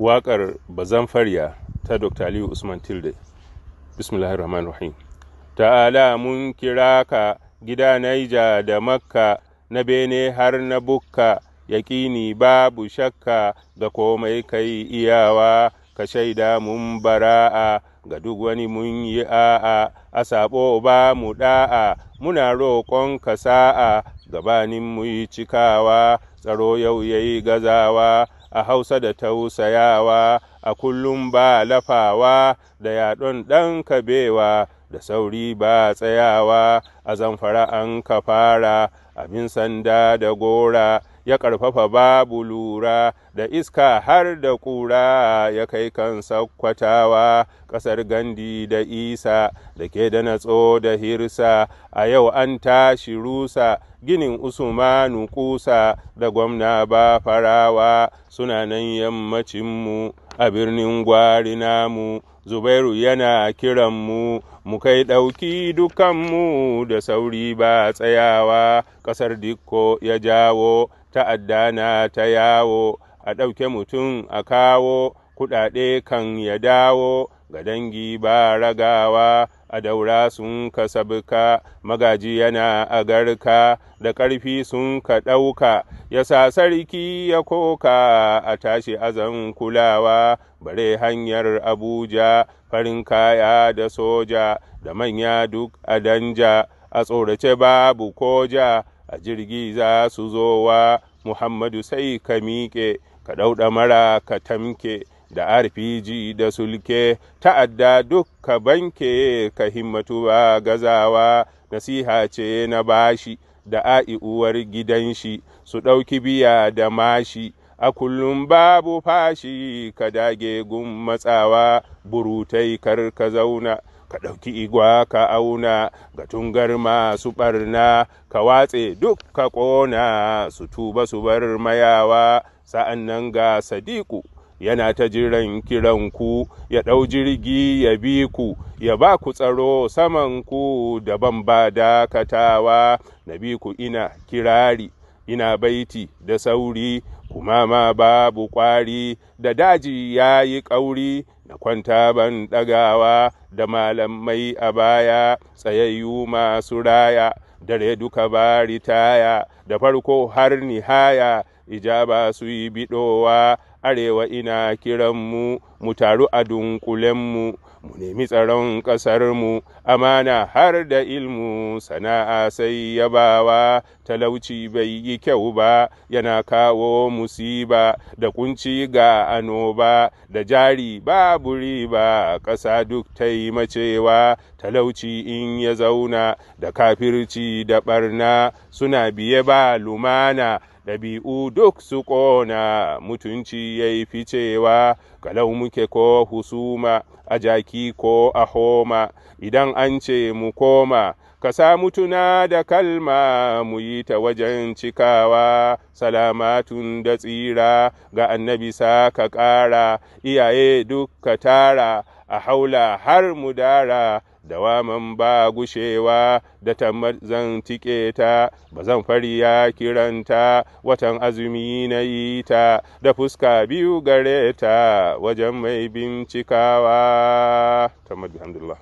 waƙar farya ta dr aliyu usman tilde bismillahir rahman rahim ta'ala mun kira ka gida naija da makka na bene har na bukka yaƙini babu shakka ga komai kai iyawa ka shaida mun bara'a ga duk wani mun yi a'a a saɓo ba mu da'a muna roƙon ka sa'a gabanin mu yi cikawa tsaro yau yayi gazawa a hausa da tausayawa a kullum ba lafawa da yaɗon ɗan kabewa da sauri ba tsayawa a zamfara an ka fara abin sanda da gora ya ƙarfafa babu lura da iska har da ƙura ya kai kan sakkwatawa ƙasar gandi da isa da ke da natso da hirsa a yau an tashi rusa ginin usmanu kusa da gwamna ba farawa suna nan yammacinmu a birnin gwari namu Zubairu yana kiran mu, mu kai ɗauki dukanmu da sauri ba tsayawa, ƙasar dikko ya jawo, ta'adda na ta yawo, a ɗauke mutum a kawo, kuɗaɗe kan ya dawo, ga dangi ba ragawa. a daura sun ka sabka magaji yana a garka da ƙarfi sun ka ɗauka ya sa sarki ya koka a tashi azan kulawa bare hanyar abuja farin kaya da soja da manya duk a danja a tsorace babu koja a jirgi za su zowa muhammadu sai ka miƙe ka ɗauɗa mara ka tamke da arfiji da sulke ta'adda duk ka banke ka himmatu ba gazawa nasiha ce na bashi da a'i uwar gidan shi su ɗauki biya da mashi a kullum babu fashi ka dage gun matsawa burutai kar ka zauna ka ɗauki igwa ka auna ga tungar masu ɓarna ka watse duk ka ƙona su tuba su bar mayawa sa'an nan ga sadiku yana ta jiran kiranku ya ɗau jirgi ya bi ku ya ba ku tsaro saman ku daban ba dakatawa na bi ku ina kirari ina baiti da sauri kuma ma babu ƙwari da daji ya yi ƙauri na kwanta ban ɗagawa da malamai a baya tsayayyu masu raya dare duka ba ritaya da farko har nihaya ijaba su yi biɗowa arewa ina kiran mu mu taru a dunkulenmu mu Mu nemi tsaron ƙasarmu amana har da ilmu sana'a sai yabawa talauci bai yi kyau ba yana kawo musiba da kunci ga anoba da jari babu riba ƙasa duk macewa talauci in ya zauna da kafirci da ɓarna suna biye ba lumana ɗabi'u duk su ƙona mutunci ya yi ficewa kalau muke ko husuma a jaki ko a homa idan an ce mu koma ka samu tuna da kalma mu yi ta wajen cikawa salamatun da tsira ga annabi sa ka ƙara iyaye duk ka tara a haula har mu dara dawaman ba gushewa da tammar tike ta ba zan fari ya kiranta watan azumi na yi ta da fuska biyu gare ta wajen mai bincikawa